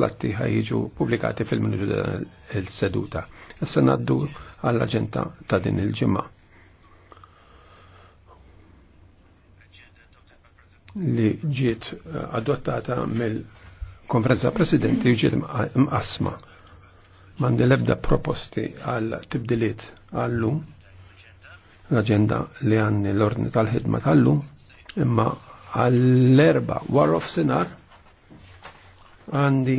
għal atti ħajġu publikati fil-minutu il-seduta. Issa naddu għall-aġenda ta' din il-ġimma. Li ġiet adottata mill-konferenza presidenti ġiet mqasma. Mandi lebda proposti għal tibdiliet għallum l-agenda li għanni l-ordni tal-ħidma tal-lum imma għall-erba war of sinar għandi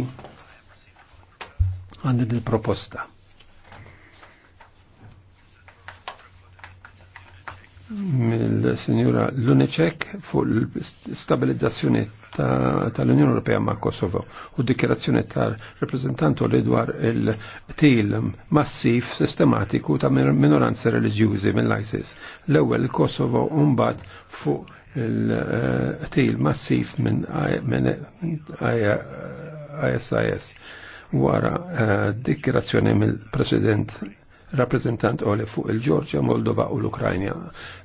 għandi il-proposta. mill-Sinjura Lunicek fuq l-stabilizzazzjoni tal-Unjoni ta Ewropea ma' Kosovo u dikjerazzjoni tal-reprezentantu li dwar il-til massif sistematiku ta' minoranze reliġjużi mill-ISIS. L-ewwel Kosovo mbagħad fuq il-qtil massif minn ISIS wara eh, dikirazzjoni mill-President rappresentant oli fuq il-Ġorġja, Moldova u l-Ukrajna.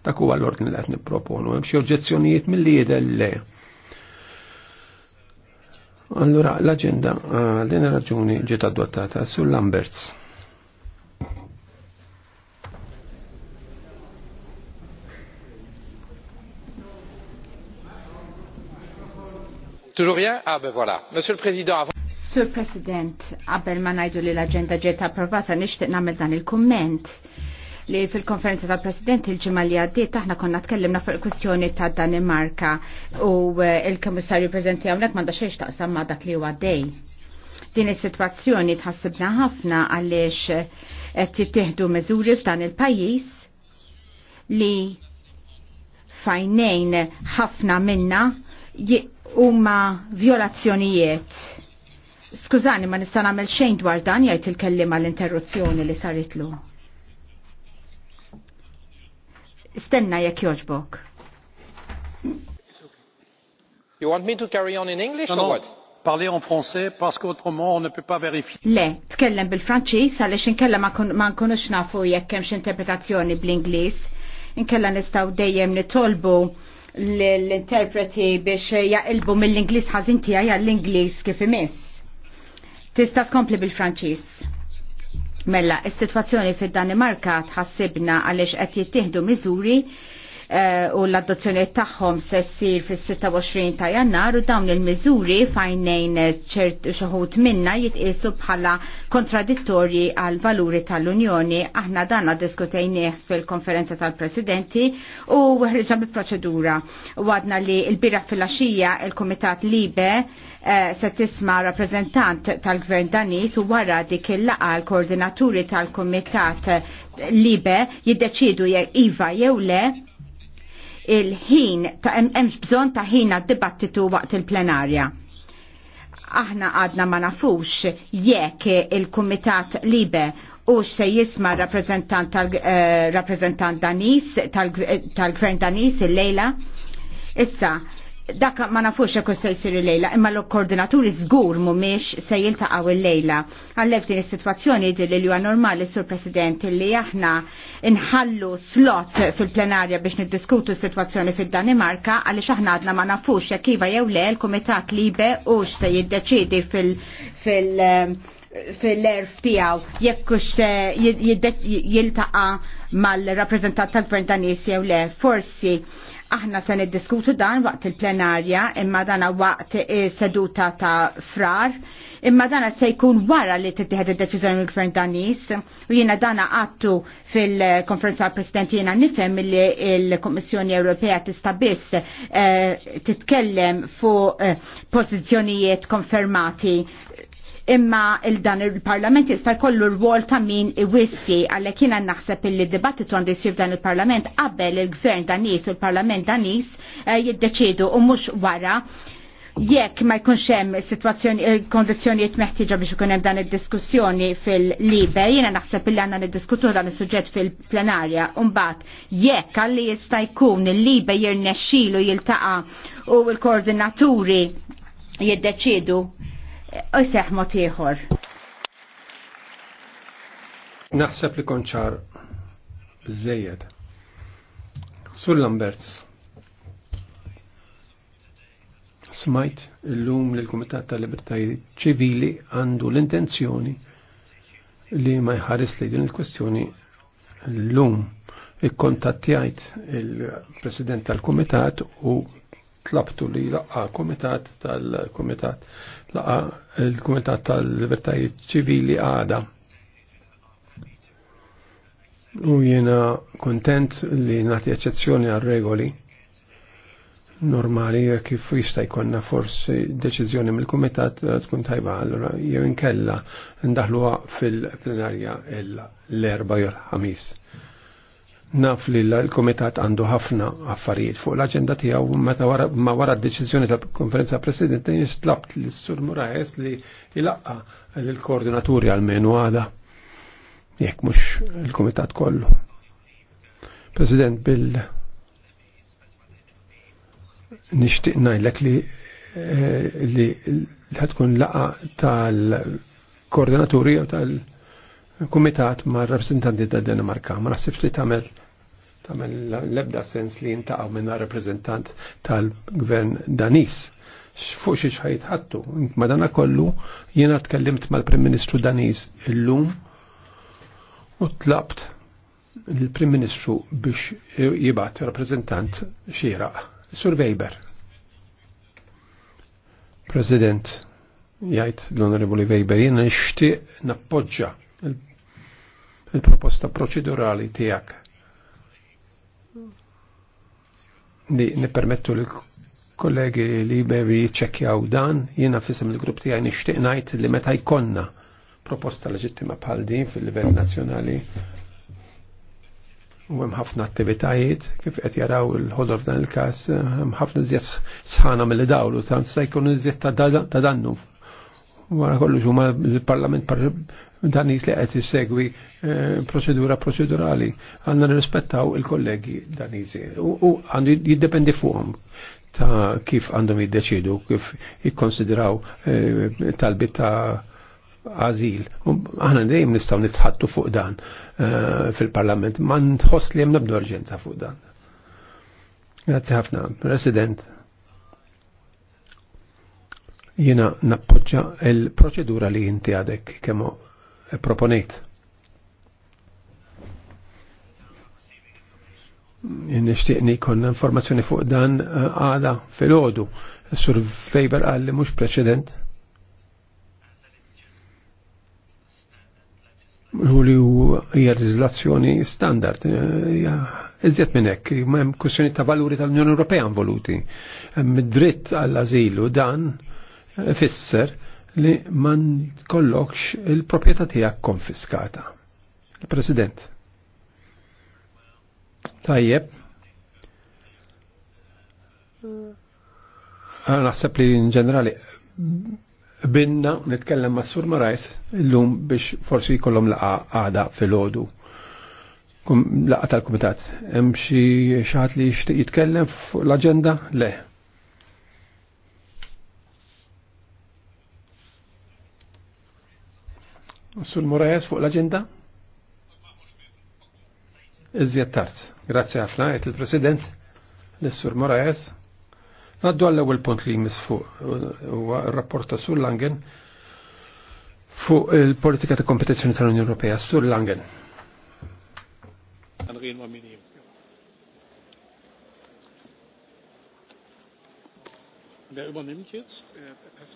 Dak huwa l-ordni li qed nipproponu. Hemm xi oġġezzjonijiet mill-lieder le. Allura l-aġenda eh, għal din raġuni ġiet adottata sul Lamberts. Toujours bien? Ah ben voilà. Monsieur le Président, avant... Sur President, qabel ma ngħidu li l-aġenda ġiet approvata nixtieq nagħmel dan il-kumment li fil-konferenza tal president il ġimgħa li għaddiet aħna konna tkellimna fuq il-kwistjoni ta' Danimarka u eh, il-Komissarju preżenti hawnhekk m'għandha xejn taqsam ma' dak li huwa dej. Din is-sitwazzjoni tħassibna ħafna għaliex eh, qed jittieħdu miżuri f'dan il-pajjiż li fajnejn ħafna minna huma violazzjonijiet. Skużani, ma nista' nagħmel xejn dwar dan jgħid il-kellima l-interruzzjoni li saritlu. Stenna jekk joġbok. You want me to carry on in English no, or what? parler en français parce qu'autrement on ne peut pas vérifier. Le, tkellem bil-Franċiż għaliex inkella ma nkunux nafu jekk hemmx interpretazzjoni bl-Ingliż. Inkella nistgħu dejjem nitolbu l-interpreti biex jaqilbu mill-Inglis ħazin tiegħi għall-Inglis kif imiss. Tista' tkompli bil-Franċiż. Mella, is-sitwazzjoni fid-Danimarka tħassibna għaliex qed jittieħdu miżuri Eh, u l-adozzjoni tagħhom se ssir fis-26 ta' Jannar u dawn il-miżuri fajnejn ċert xoħut minna jitqisu bħala kontradittorji għal valuri tal-Unjoni. Aħna danna diskutejnieh fil-konferenza tal-Presidenti u ħriġna bi proċedura. Wadna li l-bira fil-axija il-Komitat Libe eh, se tisma rappresentant tal-Gvern Danis u wara dik il-laqa l-koordinaturi tal-Komitat Libe jiddeċidu jekk iva jew le il-ħin ta' hemmx bżonn ta' ħin għad-dibattitu waqt il-plenarja. Aħna għadna ma nafux jekk il-Kumitat Libe u se jisma rappresentant tal-rappresentant eh, Danis, tal-gvern Danis il-lejla. Issa, dak ma nafux jekk se jsir il-lejla, imma l-koordinaturi żgur mhumiex se jiltaqgħu il-lejla. Għallek din is-sitwazzjoni jidhir li huwa normali sur President li aħna inħallu slot fil-plenarja biex niddiskutu s-sitwazzjoni fid-Danimarka għaliex aħna għadna ma nafux jekk iva jew le l-Kumitat Libe hux se jiddeċiedi fil-, fil fil-erf tijaw jekkux jiltaqa mal-rappresentant tal-gvern danis jew le forsi Aħna se niddiskutu dan waqt il-plenarja imma dana waqt seduta ta' frar. Imma dana se jkun wara li tittieħed id-deċiżjoni mill-Gvern Danis u jiena dana għattu fil-konferenza tal-President jiena nifhem li l-Kummissjoni Ewropea tista' biss eh, titkellem fuq eh, pożizzjonijiet konfermati imma il-dan il-parlament jista' jkollu r-wol ta' min iwissi għalhekk jiena naħseb illi dibattitu għandu jsir dan il-parlament qabel il-gvern Danis u l-parlament Danis eh, jiddeċidu u mhux wara jekk ma jkunx hemm sitwazzjoni eh, kondizzjonijiet meħtieġa biex ikun hemm dan id-diskussjoni fil-libe, jiena naħseb illi għandna niddiskutu dan is-suġġett fil-plenarja, mbagħad jekk għalli jista' jkun il-libe jirnexxilu jiltaqa' u l-koordinaturi jiddeċidu u jseħ mod ieħor. Naħseb li konċar bizzejed. Sur Lamberts. Smajt illum li l-Kumitat tal-Libertajiet ċivili għandu l-intenzjoni li ma jħares li din il-kwestjoni l-lum ikkontattjajt il-President tal-Kumitat u tlabtu li laqa komitat tal-komitat laqa il-komitat tal-libertajiet ċivili għada. U jena kontent li nati eccezzjoni għal regoli normali kif jista' jkollna forsi deċiżjoni mill-kumitat eh, tkun tajba allura jew inkella ndaħluha fil-plenarja l-erba' jew l-ħamis. Naf li l-Komitat għandu ħafna affarijiet fuq l-agenda tiegħu meta ma wara d-deċiżjoni tal-Konferenza Presidenti nistlabt l sur Murajes li jilaqqa l-koordinaturi għal-menu għada jekk mhux il-Komitat kollu. President Bill nixtieq ngħidlek li eh, li tkun laqa tal-koordinaturi jew tal-kumitat mar rappresentanti tad Danimarka. Ma naħsibx li tagħmel tamen l-ebda sens li jintaqaw minna reprezentant tal-gvern Danis fuq xiex ħattu, Madana kollu jiena tkellimt mal-Prim Ministru Daniż illum u tlabt il-Prim Ministru biex jibat reprezentant xira. Sur Weber. President, jgħid l-Onorevoli Weber, jiena nixtieq nappoġġa il-proposta proċedurali tiegħek li nipermettu li kollegi li bevi ċekjaw dan, jiena fissem il-grupp tijaj nishtiq najt li meta jkonna proposta leġittima bħal din fil-livell nazjonali u hemm ħafna attivitajiet kif qed jaraw il-ħodor f'dan il-każ hemm ħafna iżjed sħana mill-dawlu tant se jkunu iżjed ta' dannu wara kollu huma l-Parlament dan li qed issegwi eh, proċedura proċedurali għandna nirrispettaw il-kollegi daniżi u għandu jiddependi fuqhom ta' kif għandhom jiddeċidu, kif jikkonsidraw eh, talbit ta' għazil. Aħna dejjem nistgħu nitħattu fuq dan eh, fil-Parlament, ma nħoss li hemm nabdu urġenza fuq dan. Grazzi ħafna, President jina nappoġġa il-proċedura li jinti għadek kemm proponejt. nishtiqni kon informazzjoni fuq dan eh, għada fil-ħodu. Sur Weber għalli mux preċedent. U li u hija legislazzjoni standard. Eh, iżjed minn hekk, hemm kwistjoni ta' valuri tal-Unjoni Ewropea involuti. Hemm dritt għall-ażilu dan fisser li man kollokx il-propieta tijak konfiskata. Il-President. Tajjeb. Għana naħseb li in ġenerali binna nitkellem ma' Sur Marajs illum biex forsi kollom laqa għada fil-ħodu. Laqa tal-Kumitat. Hemm xi xaħat li jitkellem fuq l agenda Le. Sul Morajas fuq l-agenda? Iżjed tard. Grazzi ħafna, għet il-President l-Sur Morajas. Naddu għall-ewwel punt li jmiss fuq il r-rapport ta' Sur Langen fuq il-politika ta' kompetizzjoni tal-Unjoni Ewropea. Sul Langen. Għanrin Wer übernimmt jetzt?